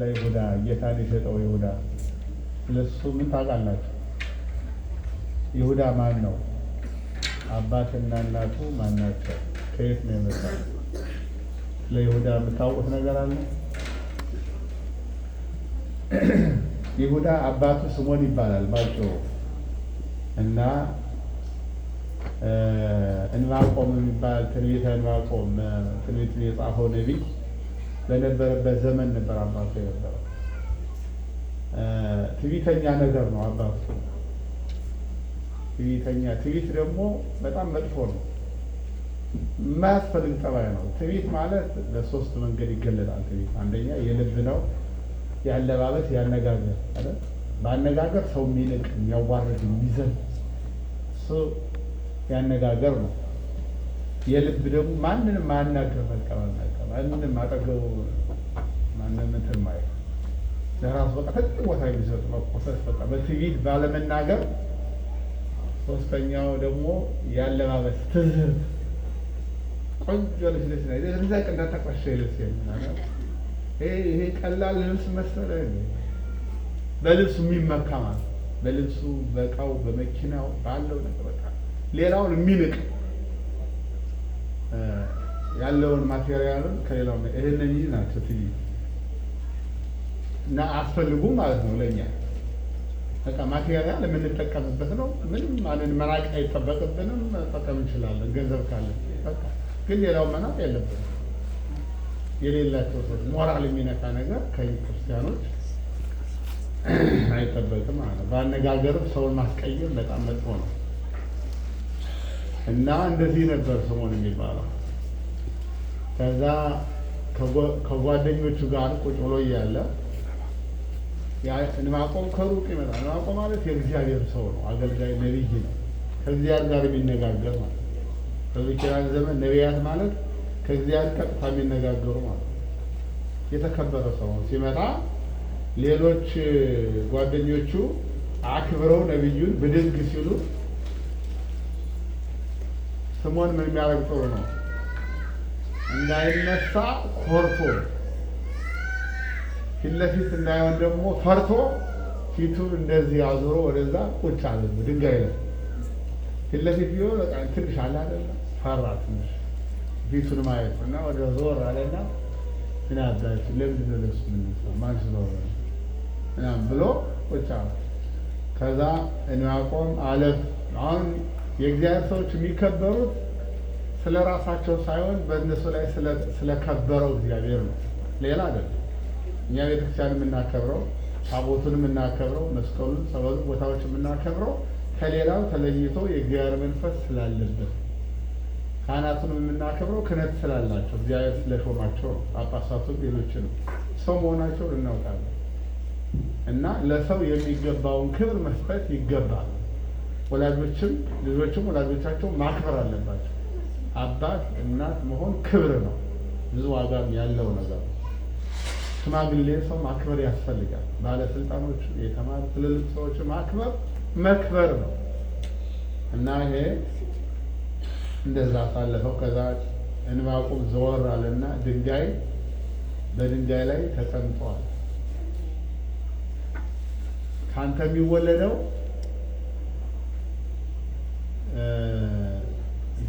ለይሁዳ ጌታን የሸጠው ይሁዳ ለሱ ምን ታውቃላችሁ? ይሁዳ ማን ነው? አባትና እናቱ ማን ናቸው? ከየት ነው የመጣ? ለይሁዳ የምታውቁት ነገር አለ? ይሁዳ አባቱ ስሞን ይባላል ባጭሩ እና እንባቆም የሚባል ትንቢተ እንባቆም ትንቢትን የጻፈው ነቢይ በነበረበት ዘመን ነበር አባቱ የነበረው። ትዕቢተኛ ነገር ነው አባቱ። ትዕቢተኛ ትዕቢት ደግሞ በጣም መጥፎ ነው፣ የማያስፈልግ ጠባይ ነው። ትዕቢት ማለት በሶስት መንገድ ይገለጣል። ትዕቢት አንደኛ የልብ ነው፣ የአለባበስ፣ ያነጋገር። በአነጋገር ሰው የሚንቅ የሚያዋርድ የሚዘል እሱ ነው። የልብ ደግሞ ማንንም ማናገር በቃ በቃ ማንንም አጠገቡ ማንንም እንትን ማለት ለራሱ በቃ ፈጽሞ ቦታ የሚሰጥ መቆሰስ በቃ በትዕቢት ባለመናገር። ሶስተኛው ደግሞ ያለባበስ ትዝህት ቆንጆ ልብስ ልብስ ነ ርዘቅ ቅዳ ልብስ የምናለው ይሄ ቀላል ልብስ መሰለ በልብሱ የሚመካ ማለት በልብሱ በእቃው በመኪናው ባለው ነገር በቃ ሌላውን የሚንቅ ያለውን ማቴሪያልም ከሌላው ይህን ናቸው ትይ እና አስፈልጉ ማለት ነው ለእኛ በቃ ማቴሪያል የምንጠቀምበት ነው። ምንም ማንን መራቅ አይጠበቅብንም። መጠቀም እንችላለን ገንዘብ ካለ በቃ ግን ሌላው መናቅ የለብን የሌላቸው ሰዎች ሞራል የሚነካ ነገር ከክርስቲያኖች አይጠበቅም ማለት ነው። በአነጋገርም ሰውን ማስቀየም በጣም መጥፎ ነው። እና እንደዚህ ነበር ሰሞን የሚባለው። ከዛ ከጓደኞቹ ጋር ቁጭ ብሎ እያለ እንባቆም ከሩቅ ይመጣል። እንባቆ ማለት የእግዚአብሔር ሰው ነው፣ አገልጋይ ነቢይ ነው፣ ከእግዚአብሔር ጋር የሚነጋገር ማለት ነው። በብሉይ ኪዳን ዘመን ነቢያት ማለት ከእግዚአብሔር ቀጥታ የሚነጋገሩ ማለት የተከበረ ሰው ነው። ሲመጣ ሌሎች ጓደኞቹ አክብረው ነቢዩን ብድግ ሲሉ ስሞን ምን የሚያደርግ ጥሩ ነው እንዳይነሳ ኮርቶ ፊት ለፊት እንዳይሆን ደግሞ ፈርቶ ፊቱን እንደዚህ አዙሮ ወደዛ ቁጭ አለ። ድንጋይ ላይ ፊት ለፊት ቢሆን በቃ ትንሽ አለ አይደለ? ፈራ ትንሽ ፊቱን ማየት እና ወደ ዞር አለና ምን አባችሁ ለምንድን ነው ደስ ማን ስለሆነ ምናምን ብሎ ቁጭ አለ። ከዛ እንያቆም አለፍ አሁን የእግዚአብሔር ሰዎች የሚከበሩት ስለ ራሳቸው ሳይሆን በእነሱ ላይ ስለከበረው እግዚአብሔር ነው፣ ሌላ አይደለም። እኛ ቤተክርስቲያን የምናከብረው ታቦቱን የምናከብረው መስቀሉን፣ ጸበሉ ቦታዎች የምናከብረው ከሌላው ተለይቶ የእግዚአብሔር መንፈስ ስላለበት ካህናቱን የምናከብረው ክህነት ስላላቸው እግዚአብሔር ስለሾማቸው ነው። ሌሎች ነው ሰው መሆናቸውን እናውቃለን እና ለሰው የሚገባውን ክብር መስጠት ይገባል። ወላጆችም ልጆችም ወላጆቻቸው ማክበር አለባቸው። አባት እናት መሆን ክብር ነው፣ ብዙ ዋጋም ያለው ነገር ነው። ሽማግሌ ሰው ማክበር ያስፈልጋል። ባለስልጣኖች፣ የተማሩ ትልልቅ ሰዎች ማክበር መክበር ነው እና ይሄ እንደዛ ሳለፈው ከዛ እንባቁም ዘወር አለና ድንጋይ በድንጋይ ላይ ተቀምጧል። ከአንተ የሚወለደው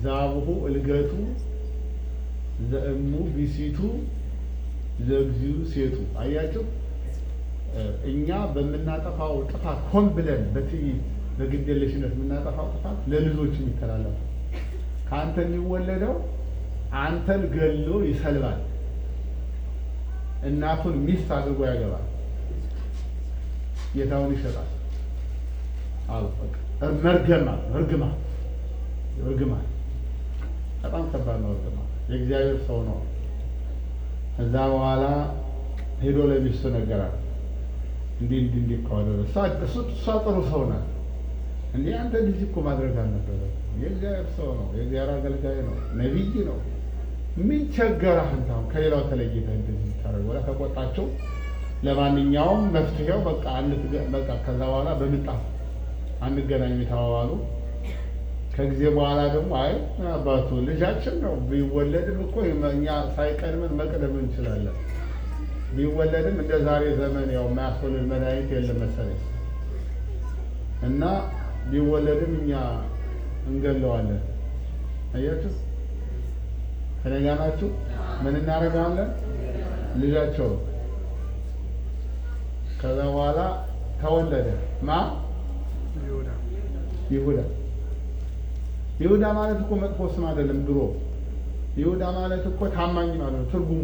ዛብሁ እልገቱ ዘእሙ ቢሲቱ ዘግዚኡ ሴቱ። አያችሁ እኛ በምናጠፋው ጥፋት ሆን ብለን በትዕቢት በግዴለሽነት የምናጠፋው ጥፋት ለልጆች የሚተላለፉ ከአንተ የሚወለደው አንተን ገሎ ይሰልባል፣ እናቱን ሚስት አድርጎ ያገባል፣ ጌታውን ይሸጣል። መርገማ እርግማ እርግማን በጣም ከባድ ነው። እርግማን የእግዚአብሔር ሰው ነው። ከዛ በኋላ ሄዶ ለሚስቱ ነገራት። እንዲህ እንዲህ እንዲህ እኮ አደረገ። እሱ እሷ ጥሩ ሰው ናት። እንዲህ አንተ ልጅ እኮ ማድረግ አልነበረም። የእግዚአብሔር ሰው ነው። የእግዚአብሔር አገልጋይ ነው። ነቢይ ነው። ምን ቸገረህ አንተ አሁን ከሌላው ተለይተህ እንደዚህ ታደርግ ወላ ተቆጣቸው። ለማንኛውም መፍትሄው በቃ በቃ ከዛ በኋላ በምንጣፍ አንገናኝ የተባባሉ ከጊዜ በኋላ ደግሞ አይ አባቱ ልጃችን ነው ቢወለድም እኮ እኛ ሳይቀድምን መቅደም እንችላለን። ቢወለድም እንደ ዛሬ ዘመን ያው የማያስወልድ መድኃኒት የለም መሰለኝ እና ቢወለድም እኛ እንገለዋለን። አያችሁ፣ ከነጋ ናችሁ። ምን እናደርገዋለን? ልጃቸው ከዛ በኋላ ተወለደ ማ ይሁዳ ይሁዳ ማለት እኮ መጥፎ ስም አይደለም። ድሮ ይሁዳ ማለት እኮ ታማኝ ማለት ነው ትርጉሙ።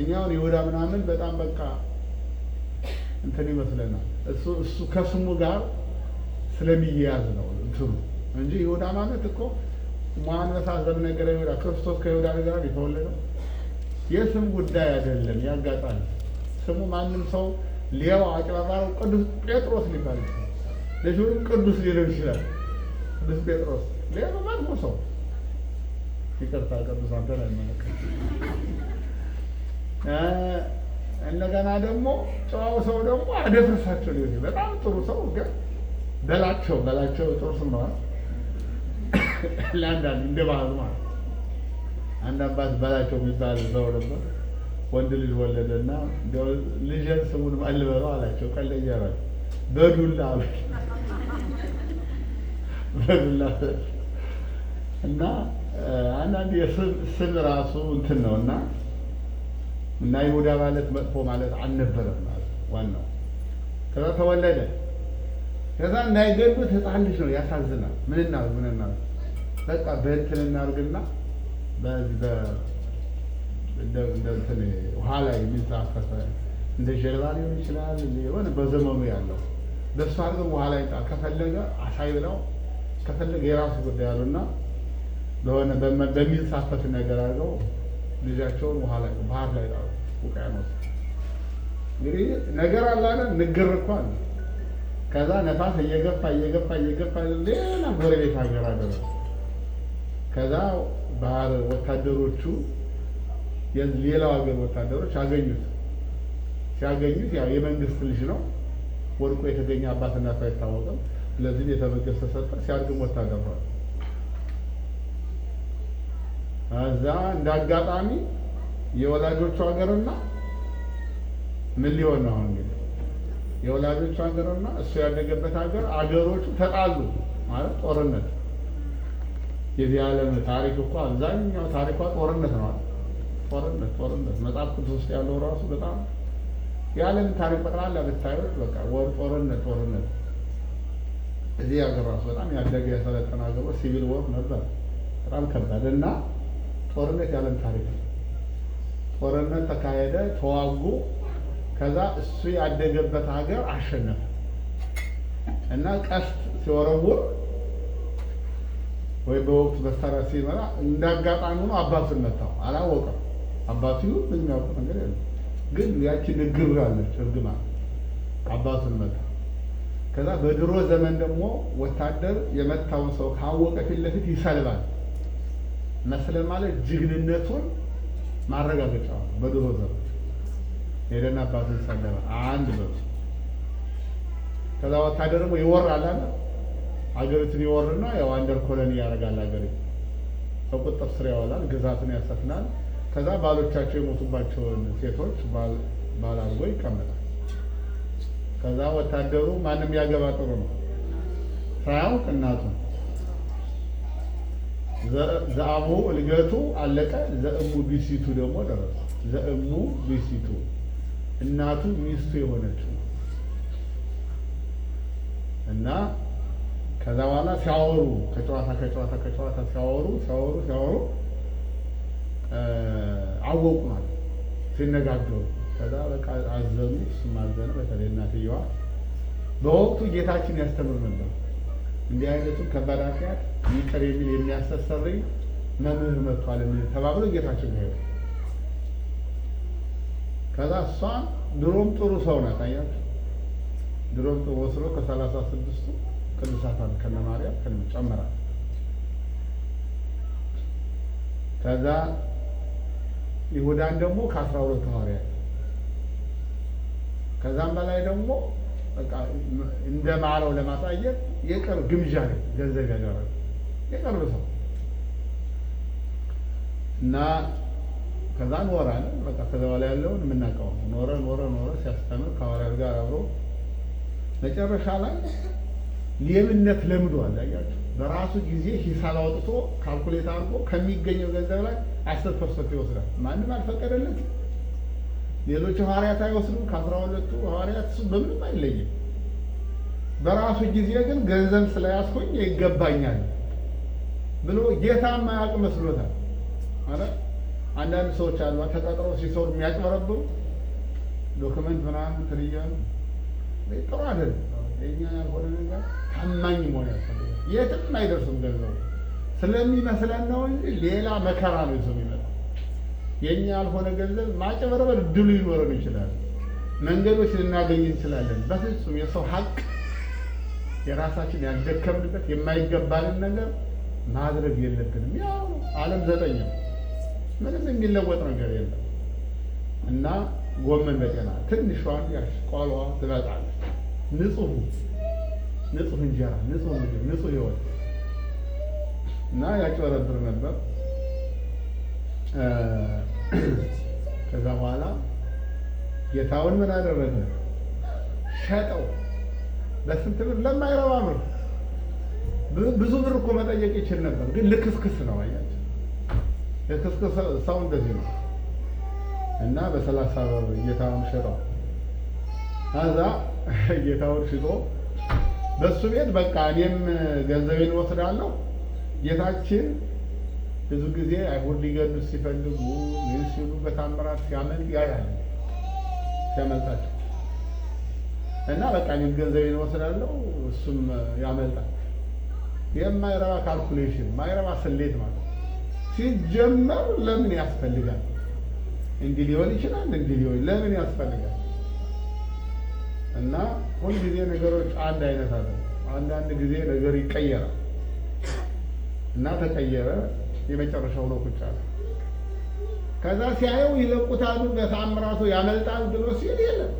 እኛውን ይሁዳ ምናምን በጣም በቃ እንትን ይመስለናል። እሱ እሱ ከስሙ ጋር ስለሚያያዝ ነው እንትኑ እንጂ ይሁዳ ማለት እኮ ማንበሳ ዘብነገረ ይሁዳ ክርስቶስ ከይሁዳ ነገር የተወለደው የስም ጉዳይ አይደለም። ያጋጣሚ ስሙ ማንም ሰው ሊያው አጭራራው ቅዱስ ጴጥሮስ ሊባል ይችላል። ለሽሁም ቅዱስ ሊለው ይችላል። ቅዱስ ጴጥሮስ ሌሉ መጥፎ ሰው ይቅርታ ቅዱሳን ተን አይመለከት። እንደገና ደግሞ ጨዋው ሰው ደግሞ አደፍርሳቸው ሊሆን በጣም ጥሩ ሰው ግን በላቸው በላቸው ጥሩ ስነዋል ለአንዳንድ እንደ ባህሉ ማለት አንድ አባት በላቸው የሚባል ሰው ነበር። ወንድ ልጅ ወለደና ልጅን ስሙን ማን አላቸው። ቀለየ በዱላ በዱላ እና አንዳንድ የስም ራሱ እንትን ነው እና እና ይሁዳ ማለት መጥፎ ማለት አልነበረም ማለት ዋናው። ከዛ ተወለደ። ከዛ እንዳይገሉት ህፃን ልጅ ነው። ያሳዝናል። ምን ምንና ምን በቃ በእንትን እናድርግና በዚህ ውሃ ላይ የሚንሳፈፈ እንደ ጀልባ ሊሆን ይችላል የሆነ በዘመኑ ያለው በሱ አድርገን ውሃ ላይ ከፈለገ አሳይ ብለው ከፈለገ የራሱ ጉዳይ አሉና ለሆነ በሚንሳፈፍ ነገር አድርገው ልጃቸውን ውሃ ላይ ባህር ላይ ጣሉ። ውቅያኖስ እንግዲህ ነገር አላለ ንግር እንኳን ከዛ ነፋስ እየገፋ እየገፋ እየገፋ ሌላ ጎረቤት ሀገር አደረ። ከዛ ባህር ወታደሮቹ ሌላው ሀገር ወታደሮች አገኙት። ሲያገኙት ያው የመንግስት ልጅ ነው ወድቆ የተገኘ አባትና አይታወቅም። ስለዚህ ቤተ መንግስት ተሰጠ። ሲያድግም ወታደሯል እዛ እንደ አጋጣሚ የወላጆቹ ሀገርና ምን ሊሆን ነው እንግዲህ የወላጆቹ ሀገርና እሱ ያደገበት ሀገር አገሮቹ ተጣሉ ማለት ጦርነት። የዚህ ዓለም ታሪክ እኮ አብዛኛው ታሪኳ ጦርነት ነው። ጦርነት ጦርነት መጽሐፍ ቅዱስ ውስጥ ያለው ራሱ በጣም የዓለም ታሪክ ጠቅላላ ብታዩት በቃ ወር ጦርነት ጦርነት። እዚህ ሀገር ራሱ በጣም ያደገ የሰለጠነ ሀገሮች ሲቪል ወር ነበር በጣም ከባድ እና ጦርነት ያለም ታሪክ ነው። ጦርነት ተካሄደ፣ ተዋጉ። ከዛ እሱ ያደገበት ሀገር አሸነፈ እና ቀስት ሲወረውር ወይ በወቅቱ መሳሪያ ሲመራ እንዳጋጣሚ ሆኖ አባቱን መታው። አላወቀም። አባቱ የሚያውቁ ነገር የለም። ግን ያቺ ግብር አለች እርግማ አባቱን መታ። ከዛ በድሮ ዘመን ደግሞ ወታደር የመታውን ሰው ካወቀ ፊት ለፊት ይሰልባል። መስለን ማለት ጀግንነቱን ማረጋገጫ በድሮ ዘሮች ሄደን አባቱን ሰለበ አንድ ነው። ከዛ ወታደር ደግሞ ይወራል አለ አገሪቱን ይወርና ያው አንደር ኮሎኒ ያደርጋል። አገሪቱ በቁጥጥር ስር ያውላል፣ ግዛትን ያሰፍናል። ከዛ ባሎቻቸው የሞቱባቸውን ሴቶች ባል አድርጎ ይቀመጣል። ከዛ ወታደሩ ማንም ያገባ ጥሩ ነው ሳያውቅ እናቱን ዘአሙ እልገቱ አለቀ። ዘእሙ ቢሲቱ ደግሞ ደረሰ። ዘእሙ ቢሲቱ እናቱ ሚስቱ የሆነችው እና ከዛ በኋላ ሲያወሩ ከጨዋታ ከጨዋታ ከጨዋታ ሲያወሩ ሲያወሩ ሲያወሩ አወቁ ማለት ሲነጋገሩ፣ ከዛ በቃ አዘኑ። እሱም አዘነ። በተለይ እናትየዋ በወቅቱ ጌታችን ያስተምር ነበር። እንዲህ አይነቱ ከባድ ኃጢአት ይቅር የሚል የሚያስተሰርይ መምህር መጥቷል የሚል ተባብሎ ጌታችን ሄዱ። ከዛ እሷ ድሮም ጥሩ ሰው ናት። አያችሁ ድሮም ጥሩ ወስዶ ከሰላሳ ስድስቱ ቅዱሳታን ከነ ማርያም ከነ ጨመራት። ከዛ ይሁዳን ደግሞ ከአስራ ሁለት ሐዋርያት ከዛም በላይ ደግሞ እንደ ማረው ለማሳየት የቅርብ ግምጃ ነው ገንዘብ ያደረገ የቅርብ ሰው እና ከዛ ኖራ በቃ ከዛ በኋላ ያለውን የምናውቀው ኖረ ኖረ ኖረ ሲያስተምር ከሐዋርያት ጋር አብሮ መጨረሻ ላይ ሌብነት ለምዷል። አያቸው በራሱ ጊዜ ሂሳብ አውጥቶ ካልኩሌት አድርጎ ከሚገኘው ገንዘብ ላይ አስር ፐርሰንት ይወስዳል። ማንም አልፈቀደለት። ሌሎች ሐዋርያት አይወስዱም። ከአስራ ሁለቱ ሐዋርያት እሱ በምንም አይለይም። በራሱ ጊዜ ግን ገንዘብ ስለያዝኩኝ ይገባኛል ብሎ ጌታ የማያውቅ መስሎታል። ማለት አንዳንድ ሰዎች አሉ ተቀጥሮ ሲሰሩ የሚያጭበረብሩ ዶክመንት ምናምን ትንያሉ ጥሩ አይደለም። የኛ ያልሆነ ነገር ታማኝ መሆን ያስፈልጋል። የትም አይደርሱም። ገንዘቡ ስለሚመስለን ነው እንጂ ሌላ መከራ ነው ይዞ የሚመጣው። የኛ ያልሆነ ገንዘብ ማጭበርበር ድሉ ሊኖረን ይችላል። መንገዶች ልናገኝ እንችላለን። በፍጹም የሰው ሀቅ የራሳችን ያልደከምንበት የማይገባንን ነገር ማድረግ የለብንም። ያው ዓለም ዘጠኝ ነው፣ ምንም የሚለወጥ ነገር የለም እና ጎመን በጤና ትንሿን ቋሏ ትበጣለች። ንጹህ ንጹህ እንጀራ፣ ንጹህ ምግብ፣ ንጹህ ህይወት እና ያጭበረብር ነበር። ከዛ በኋላ ጌታውን ምን አደረገ? ሸጠው። ለስንት ብር ለማይረባ ብር ብዙ ብር እኮ መጠየቅ ይችል ነበር፣ ግን ልክስክስ ነው። አያቸው ልክስክስ ሰው እንደዚህ ነው። እና በሰላሳ ብር እየታውን ሽጠው ከዛ እየታውን ሽጦ በእሱ ቤት በቃ እኔም ገንዘቤን ወስዳለሁ። ጌታችን ብዙ ጊዜ አይሁድ ሊገዱ ሲፈልጉ ምን ሲሉ በታምራት ሲያመልጥ ያያል ሲያመልጣቸው እና በቃ እኔም ገንዘቤን እወስዳለሁ፣ እሱም ያመልጣል። የማይረባ ካልኩሌሽን፣ ማይረባ ስሌት ማለት ሲጀመር ለምን ያስፈልጋል? እንዲህ ሊሆን ይችላል፣ እንዲህ ሊሆን ለምን ያስፈልጋል? እና ሁልጊዜ ነገሮች አንድ አይነት አለ። አንዳንድ ጊዜ ነገር ይቀየራል እና ተቀየረ፣ የመጨረሻው ነው ቁጭ አለ። ከዛ ሲያየው ይለቁታሉ፣ በተአምራቱ ያመልጣል ብሎ ሲል የለም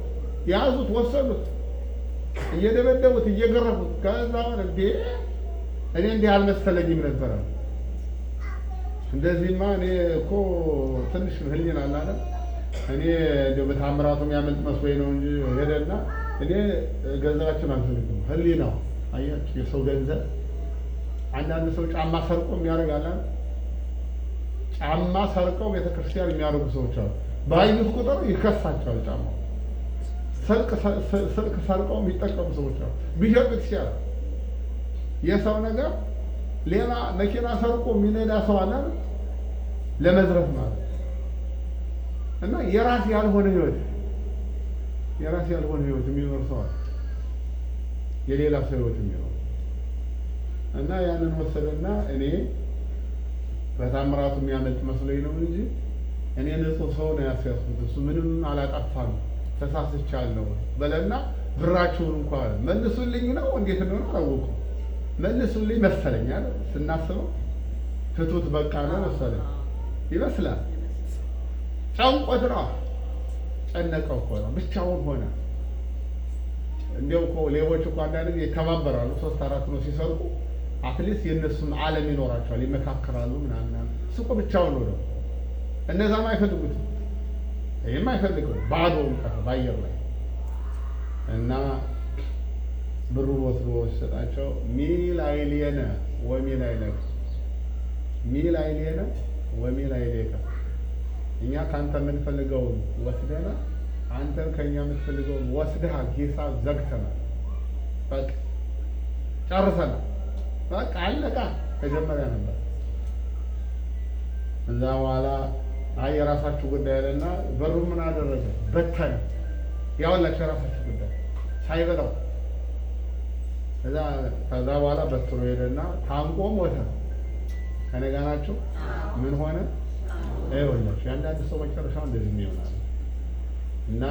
ያዙት፣ ወሰዱት፣ እየደበደቡት፣ እየገረፉት። ከዛ እንዴ እኔ እንዲህ አልመሰለኝም ነበረ። እንደዚህማ እኔ እኮ ትንሽ ህሊና አለ እኔ እንደው በታምራቱ የሚያመልጥ መስሎኝ ነው እንጂ ሄደና እኔ ገንዘባችን አልፈልግም። ህሊናው አያችሁ፣ የሰው ገንዘብ አንዳንድ ሰው ጫማ ሰርቆ የሚያደርጋል። ጫማ ሰርቀው ቤተክርስቲያን የሚያደርጉ ሰዎች አሉ። ባዩት ቁጥር ይከሳቸዋል ጫማው ስልክ ሰርቀው የሚጠቀሙ ሰዎች ነው። ቢሸጡት ይሻላል። የሰው ነገር ሌላ መኪና ሰርቆ የሚነዳ ሰው አለ ለመዝረፍ ማለት እና የራስ ያልሆነ ህይወት የራስ ያልሆነ ህይወት የሚኖር ሰው አለ የሌላ ሰው ህይወት የሚኖር እና ያንን ወሰደና እኔ በታምራቱ የሚያመልጥ መስሎኝ ነው እንጂ እኔ ንጹህ ሰው ነው ያስያዝኩት እሱ ምንም አላጠፋም ተሳስቻለሁ በለና ብራችሁን እንኳን መልሱልኝ ነው እንዴት ነው አላወኩም። መልሱልኝ መሰለኝ አለ ስናስበው ትቱት በቃ ነው መሰለኝ ይመስላል። ጨንቆት ነው ጨነቀው እኮ ነው ብቻውን ሆነ። እንዲያው እኮ ሌቦች እኮ አንዳንድ ጊዜ ይተባበራሉ። ሶስት አራት ነው ሲሰርቁ አትሊስት የእነሱም ዓለም ይኖራቸዋል፣ ይመካከራሉ ምናምን። እሱ እኮ ብቻውን ነው ነው እነዛም አይፈልጉትም የማይፈልገው ባዶ ቀረ በአየር ላይ እና ብሩ ወስዶ ሲሰጣቸው ሚል አይልየነ ወሚል አይለቀ ሚል አይልየነ ወሚል አይለቀ እኛ ከአንተ የምንፈልገውን ወስደና አንተ ከእኛ የምትፈልገውን ወስደሃል። ሂሳብ ዘግተናል። በቃ ጨርሰናል። በቃ አለቃ ተጀመሪያ ነበር እዛ በኋላ አይ የራሳችሁ ጉዳይ አለና በሩ ምን አደረገ በተነ። ያውላችሁ የራሳችሁ ጉዳይ ሳይበላው ከዛ ከዛ በኋላ በትሮ ሄደና ታንቆ ሞተ። ከእኔ ጋር ናችሁ? ምን ሆነ? ይኸውላችሁ የአንዳንድ ሰው መጨረሻው እንደዚህ የሚሆናል እና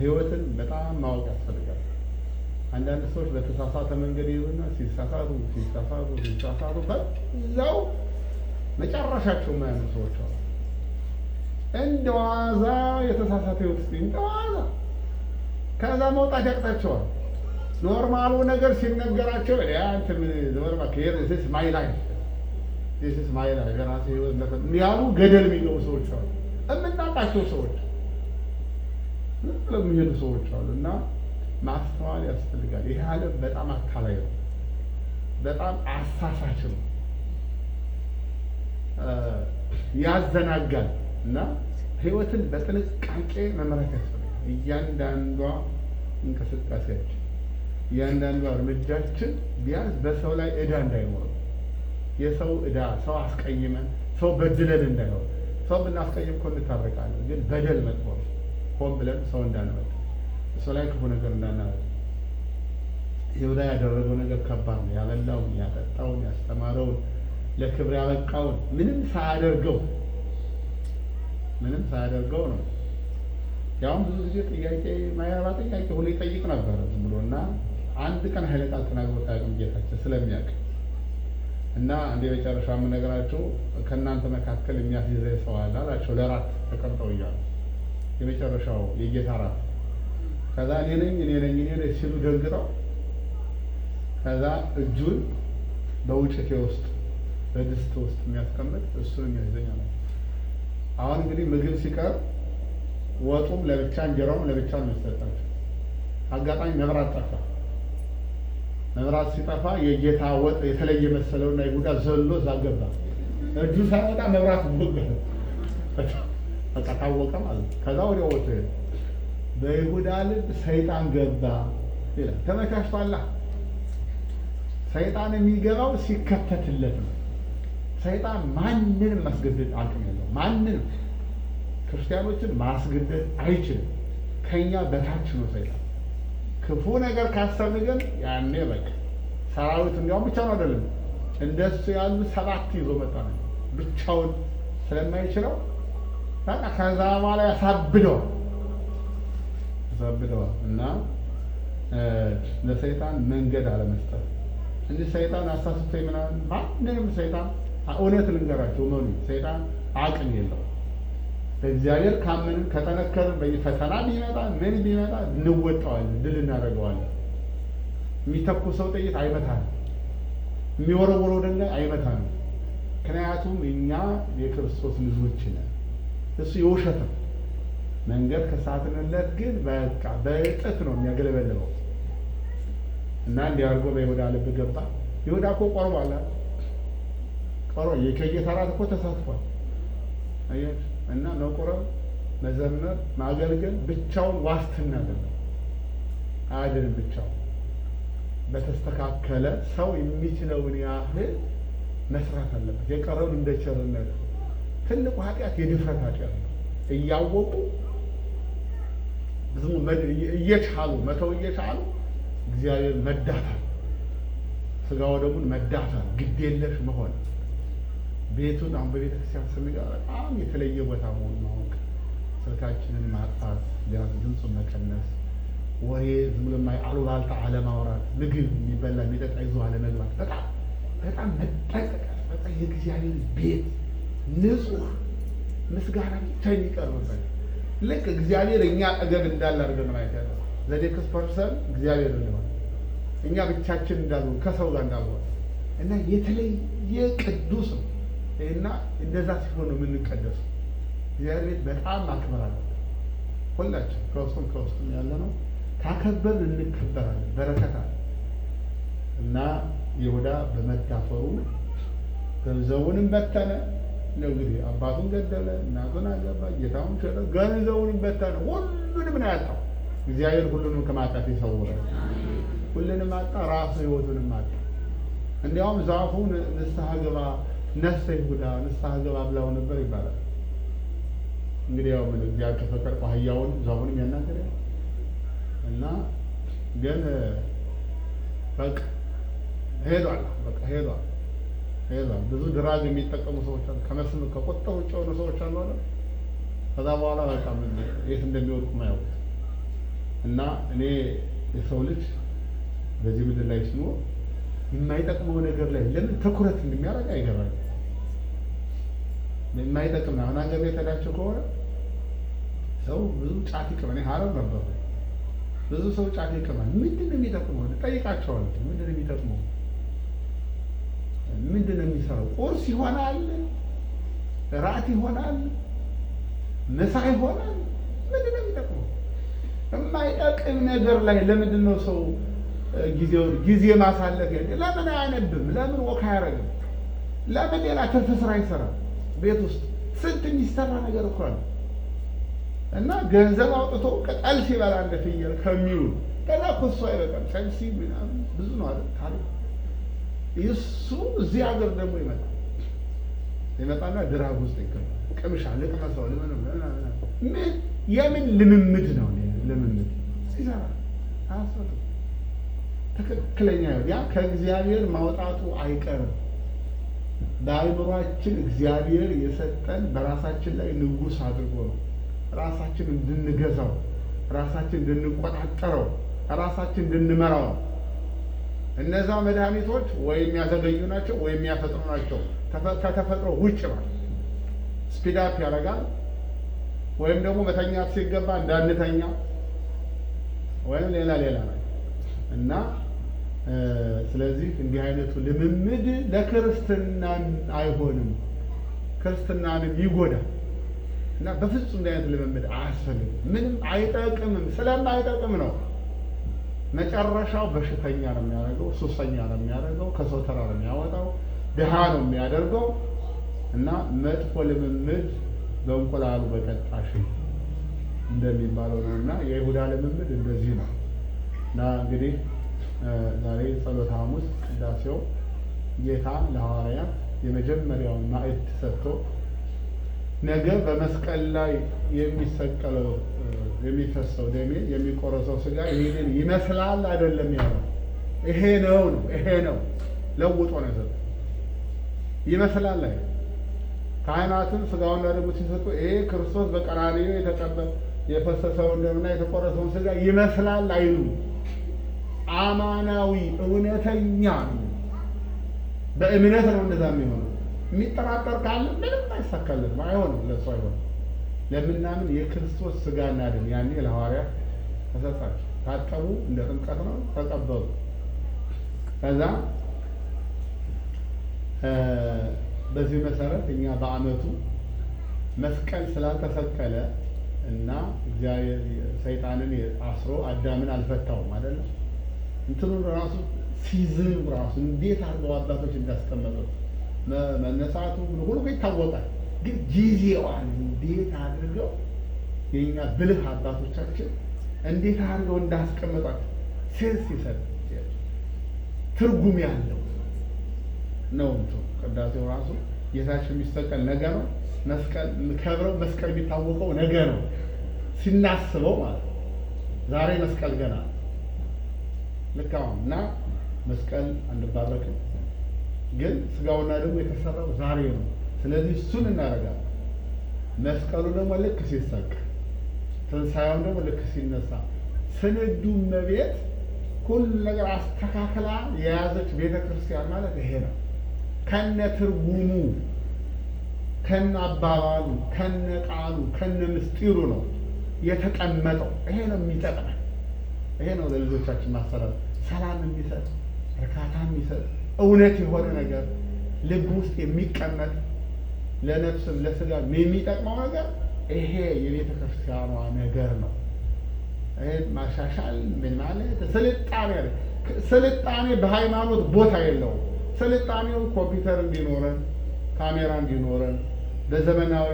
ህይወትን በጣም ማወቅ ያስፈልጋል። አንዳንድ ሰዎች በተሳሳተ መንገድ ይሁና ሲሳሳቱ ሲሳሳቱ ሲሳሳሩ በዛው መጨረሻቸው የማያምሩ ሰዎች አሉ። እንደ ዋዛ የተሳሳተ ህይወት ውስጥ እንደ ዋዛ ከዛ መውጣት ያቅጣቸዋል። ኖርማሉ ነገር ሲነገራቸው እንትን ኖርማል ስ ማይ ላይፍ ስ ማይ ላይፍ የራሴ ህይወት ያሉ ገደል የሚገቡ ሰዎች አሉ። የምናውቃቸው ሰዎች ለሚሄዱ ሰዎች አሉ። እና ማስተዋል ያስፈልጋል። ይህ ዓለም በጣም አታላይ ነው። በጣም አሳሳች ነው። ያዘናጋል እና ህይወትን በጥንቃቄ መመለከት እያንዳንዷ እንቅስቃሴያችን፣ እያንዳንዷ እርምጃችን ቢያንስ በሰው ላይ እዳ እንዳይሞሩ የሰው እዳ ሰው አስቀይመን ሰው በድለን እንዳይሆን ሰው ብናስቀይም እኮ እንታረቃለን። ግን በደል መጥፎ ሆን ብለን ሰው እንዳንመጥ ሰው ላይ ክፉ ነገር እንዳናረግ ይሁዳ ያደረገው ነገር ከባድ ነው። ያበላውን፣ ያጠጣውን፣ ያስተማረውን ለክብር ያበቃውን ምንም ሳያደርገው ምንም ሳያደርገው ነው። ያውም ብዙ ጊዜ ጥያቄ ማያባ ጥያቄ ሁሉ ይጠይቅ ነበረ ዝም ብሎ እና አንድ ቀን ኃይለ ቃል ተናግሮት አያውቅም ጌታችን ስለሚያውቅ እና እንደ መጨረሻ የምነግራቸው ከእናንተ መካከል የሚያስይዘኝ ሰው አለ አላቸው። ለራት ተቀምጠው እያሉ የመጨረሻው የጌታ ራት ከዛ እኔ ነኝ እኔ ነኝ እኔ ነኝ ሲሉ ደንግጠው ከዛ እጁን በውጭቴ ውስጥ በድስት ውስጥ የሚያስቀምጥ እሱ የሚያዘኛ ነው። አሁን እንግዲህ ምግብ ሲቀርብ ወጡም ለብቻ እንጀራውም ለብቻ ነው የሚሰጣቸው። አጋጣሚ መብራት ጠፋ። መብራት ሲጠፋ የጌታ ወጥ የተለየ መሰለውና ይሁዳ ዘሎ እዛ ገባ። እጁ ሳይወጣ መብራት ወገ በቃ ታወቀ ማለት ነው። ከዛ ወዲያ ወጡ። በይሁዳ ልብ ሰይጣን ገባ ይላል። ተመቻችቷላ። ሰይጣን የሚገባው ሲከፈትለት ነው። ሰይጣን ማንንም ማስገደድ አቅም ያለው ማንንም ክርስቲያኖችን ማስገደድ አይችልም። ከኛ በታች ነው ሰይጣን። ክፉ ነገር ካሰብን ግን ያኔ በቃ ሰራዊት እንዲያውም ብቻ ነው አይደለም እንደሱ ያሉ ሰባት ይዞ መጣ ነው ብቻውን ስለማይችለው በቃ ከዛ በኋላ ያሳብደዋል ያሳብደዋል እና ለሰይጣን መንገድ አለመስጠት እንዲህ ሰይጣን አሳስቶ ምናምን ማንንም ሰይጣን እውነት ልንገራቸው መኑ ሰይጣን አቅም የለው በእግዚአብሔር ካመንን ከጠነከርን በፈተና ቢመጣ ምን ቢመጣ እንወጣዋለን፣ ድል እናደርገዋለን። የሚተኩሰው ጥይት አይመታንም፣ የሚወረወረው ድንጋይ አይመታንም። ምክንያቱም እኛ የክርስቶስ ልጆች ነን። እሱ የውሸት ነው መንገድ ከሳትንለት ግን በቃ በእጥፍ ነው የሚያገለበልበው እና እንዲህ አድርጎ በይሁዳ ልብ ገባ። ይሁዳ እኮ ቆርቧል። ቀሮ የኬጌታ ራት እኮ ተሳትፏል። አያችሁ እና መቁረብ፣ መዘመር፣ ማገልገል ብቻውን ዋስትና አይደለም አይደለም ብቻው በተስተካከለ ሰው የሚችለውን ያህል መስራት አለበት። የቀረውን እንደ ቸርነት ትልቁ ኃጢአት የድፍረት ኃጢአት ነው። እያወቁ ብዙ እየቻሉ መተው እየቻሉ እግዚአብሔር መዳፈር፣ ስጋ ወደሙን መዳፈር፣ ግዴለሽ መሆን ቤቱን አሁን በቤተክርስቲያን ስንገባ በጣም የተለየ ቦታ መሆኑ ማወቅ፣ ስልካችንን ማጥፋት፣ ቢያንስ ድምፁን መቀነስ፣ ወሬ ዝም ብሎ አሉባልታ አለማውራት፣ ምግብ የሚበላ የሚጠጣ ይዞ አለመግባት፣ በጣም በጣም መጠቀቅ በጣም የእግዚአብሔር ቤት ንጹህ ምስጋና ብቻ የሚቀርብበት ልክ እግዚአብሔር እኛ አጠገብ እንዳለ አድርገን ማየት ያለ ዘዴክስ ፐርሰን እግዚአብሔር እንደሆነ እኛ ብቻችን እንዳልሆን ከሰው ጋር እንዳልሆን እና የተለየ ቅዱስ ነው። እና እንደዛ ሲሆን ነው የምንቀደሱ። እግዚአብሔር ቤት በጣም ማክበር አለ። ሁላችን ከውስጡም ከውስጡም ያለ ነው። ካከበር እንከበራለን። በረከት አለ እና ይሁዳ በመዳፈሩ ገንዘቡንም በተነ ነው እንግዲህ አባቱን ገደለ፣ እናቱን አገባ፣ ጌታውን ሸጠ፣ ገንዘቡን በተነ። ሁሉንም ነው ያጣው። እግዚአብሔር ሁሉንም ከማጣት ይሰውራል። ሁሉንም አጣ፣ ራሱ ህይወቱንም አጣ። እንዲያውም ዛፉን ንስሐ ግባ ነፍሰ ይሁዳ ንስሐ ገባ ብላው ነበር ይባላል። እንግዲህ ያው ምን እግዚአብሔር ከፈቀደ አህያውን ዛሁንም ያናገረ እና ግን በቃ ሄዷል። በቃ ሄዷል ሄዷል። ብዙ ድራግ የሚጠቀሙ ሰዎች አሉ። ከመስም ከቁጥጥር ውጭ የሆኑ ሰዎች አሉ አለ። ከዛ በኋላ በቃ ምን የት እንደሚወድቁ ማያውቁ እና እኔ የሰው ልጅ በዚህ ምድር ላይ ሲኖር የማይጠቅመው ነገር ላይ ለምን ትኩረት እንደሚያደርግ አይገባኝ። የማይጠቅም አሁን አገር ቤት ሄዳችሁ ከሆነ ሰው ብዙ ጫት ይቅማል። ሀረብ ነበሩ ብዙ ሰው ጫት ይቅማል። ምንድን ነው የሚጠቅመው? ጠይቃቸዋለሁ። ምንድን ነው የሚጠቅመው? ምንድን ነው የሚሰራው? ቁርስ ይሆናል፣ ራት ይሆናል፣ ምሳ ይሆናል። ምንድን ነው የሚጠቅመው? የማይጠቅም ነገር ላይ ለምንድን ነው ሰው ጊዜውን ጊዜ ማሳለፍ? ለምን አያነብም? ለምን ወካ አያረግም? ለምን ሌላ ትርፍ ስራ ይሰራል? ቤት ውስጥ ስንት የሚሰራ ነገር እኮ ነው። እና ገንዘብ አውጥቶ ቅጠል ሲበላ እንደ ፍየል ከሚውል ገና እኮ እሱ አይበቃም። ሳይንሲ ብዙ ነው አለ ታሪክ። እሱ እዚህ ሀገር ደግሞ ይመጣል ይመጣና ድራግ ውስጥ ይገባል። ቅምሻ ልቅመሰው ልምን ምን የምን ልምምድ ነው ልምምድ ሲሰራ አያስፈልግም። ትክክለኛ ያ ከእግዚአብሔር ማውጣቱ አይቀርም። በአእምሯችን እግዚአብሔር የሰጠን በራሳችን ላይ ንጉስ አድርጎ ነው። ራሳችን እንድንገዛው፣ ራሳችን እንድንቆጣጠረው፣ ራሳችን እንድንመራው እነዛ መድኃኒቶች ወይም የሚያዘገዩ ናቸው ወይም የሚያፈጥሩ ናቸው። ከተፈጥሮ ውጭ ነው። ስፒዳፕ ያደርጋል። ወይም ደግሞ መተኛት ሲገባ እንዳንተኛ ወይም ሌላ ሌላ እና ስለዚህ እንዲህ አይነቱ ልምምድ ለክርስትናም አይሆንም፣ ክርስትናንም ይጎዳ እና በፍጹም እንዲህ አይነት ልምምድ አያስፈልግም። ምንም አይጠቅምም። ስለማይጠቅም ነው መጨረሻው በሽተኛ ነው የሚያደርገው፣ ሱሰኛ ነው የሚያደርገው፣ ከሰው ተራ ነው የሚያወጣው፣ ድሃ ነው የሚያደርገው እና መጥፎ ልምምድ በእንቁላሉ በቀጣሽ እንደሚባለው ነው እና የይሁዳ ልምምድ እንደዚህ ነው እና እንግዲህ ዛሬ ጸሎተ ሐሙስ ቅዳሴው ጌታ ለሐዋርያ የመጀመሪያውን ማዕድ ሰጥቶ ነገ በመስቀል ላይ የሚሰቀለው የሚፈሰው ደሜ የሚቆረሰው ስጋ ይህንን ይመስላል አይደለም ያለው። ይሄ ነው ነው ይሄ ነው ለውጦ ነው የሰጠው። ይመስላል ላይ ካህናትም ስጋውን ለደሙ ሲሰጡ ይሄ ክርስቶስ በቀራንዮ የተቀበለ የፈሰሰውን ደምና የተቆረሰውን ስጋ ይመስላል አይሉ አማናዊ እውነተኛ ነው። በእምነት ነው እንደዛ የሚሆነው። የሚጠራጠር ካለ ምንም አይሳካለት፣ አይሆንም፣ ለሱ አይሆንም። ለምናምን የክርስቶስ ስጋና ደም ያኔ ለሐዋርያት ተሰጣቸው። ታጠቡ፣ እንደ ጥምቀት ነው፣ ተቀበሉ። ከዛ በዚህ መሰረት እኛ በአመቱ መስቀል ስላልተሰቀለ እና እግዚአብሔር ሰይጣንን አስሮ አዳምን አልፈታውም አይደለም እንትኑ ራሱ ሲዝም ራሱ እንዴት አድርገው አባቶች እንዳስቀመጡት መነሳቱ ሁሉ ይታወቃል። ግን ጊዜዋን እንዴት አድርገው የኛ ብልህ አባቶቻችን እንዴት አድርገው እንዳስቀመጧት ሴንስ ይሰጥ ትርጉም ያለው ነው። እንቱ ቅዳሴው ራሱ ጌታችን የሚሰቀል ነገ ነው። መስቀል ከብረው መስቀል የሚታወቀው ነገ ነው፣ ሲናስበው ማለት ነው። ዛሬ መስቀል ገና ልክ አሁን እና መስቀል አንባረክም፣ ግን ስጋውና ደግሞ የተሰራው ዛሬ ነው። ስለዚህ እሱን እናደርጋለን። መስቀሉ ደግሞ ልክ ሲሰቅ፣ ትንሳኤውን ደግሞ ልክ ሲነሳ ስንዱ መቤት ሁሉ ነገር አስተካክላ የያዘች ቤተ ክርስቲያን ማለት ይሄ ነው። ከነ ትርጉሙ ከነ አባባሉ ከነ ቃሉ ከነ ምስጢሩ ነው የተቀመጠው። ይሄ ነው የሚጠቅመን። ይሄ ነው ለልጆቻችን ማስተላለፍ ሰላም የሚሰጥ እርካታ የሚሰጥ እውነት የሆነ ነገር ልብ ውስጥ የሚቀመጥ ለነፍስም ለስጋ የሚጠቅመው ነገር ይሄ የቤተ ክርስቲያኗ ነገር ነው። ይሄ ማሻሻል ምን ማለት ስልጣኔ ስልጣኔ በሃይማኖት ቦታ የለውም። ስልጣኔው ኮምፒውተር እንዲኖረን ካሜራ እንዲኖረን በዘመናዊ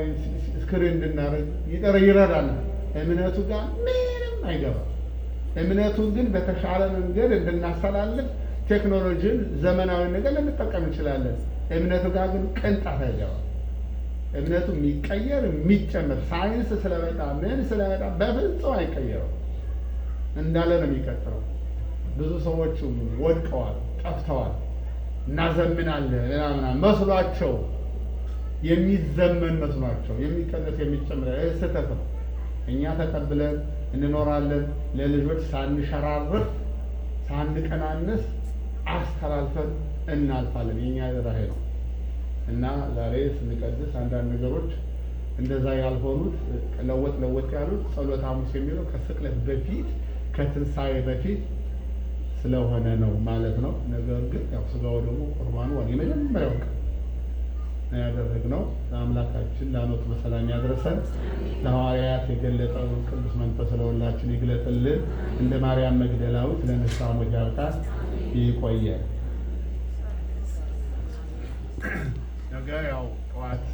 ስክሪን እንድናደርግ ይረዳናል። እምነቱ ጋር ምንም አይገባም። እምነቱን ግን በተሻለ መንገድ እንድናስተላልፍ ቴክኖሎጂን፣ ዘመናዊ ነገር ልንጠቀም እንችላለን። እምነቱ ጋር ግን ቅንጣት አይገባም። እምነቱ የሚቀየር የሚጨምር ሳይንስ ስለመጣ ምን ስለመጣ በፍጹም አይቀየረው እንዳለ ነው የሚቀጥለው። ብዙ ሰዎች ወድቀዋል፣ ጠፍተዋል። እናዘምናለን ምናምና መስሏቸው የሚዘመን መስሏቸው የሚቀነስ የሚጨምር ስህተት ነው። እኛ ተቀብለን እንኖራለን። ለልጆች ሳንሸራርፍ ሳንቀናንስ አስተላልፈን እናልፋለን። የኛ ራሄ ነው እና ዛሬ ስንቀድስ አንዳንድ ነገሮች እንደዛ ያልሆኑት ለወጥ ለወጥ ያሉት ጸሎተ ሐሙስ የሚለው ከስቅለት በፊት ከትንሣኤ በፊት ስለሆነ ነው ማለት ነው። ነገር ግን ያው ስጋው ደግሞ ቁርባኑ የመጀመሪያው ነው ያደረግነው። ለአምላካችን ለአኖት በሰላም ያድረሰን። ለሐዋርያት የገለጠው ቅዱስ መንፈስ ለሁላችን ይግለጥልን። እንደ ማርያም መግደላዊት ለንስሐ ሞት ያብቃት። ይቆያል። ነገ ያው ጠዋት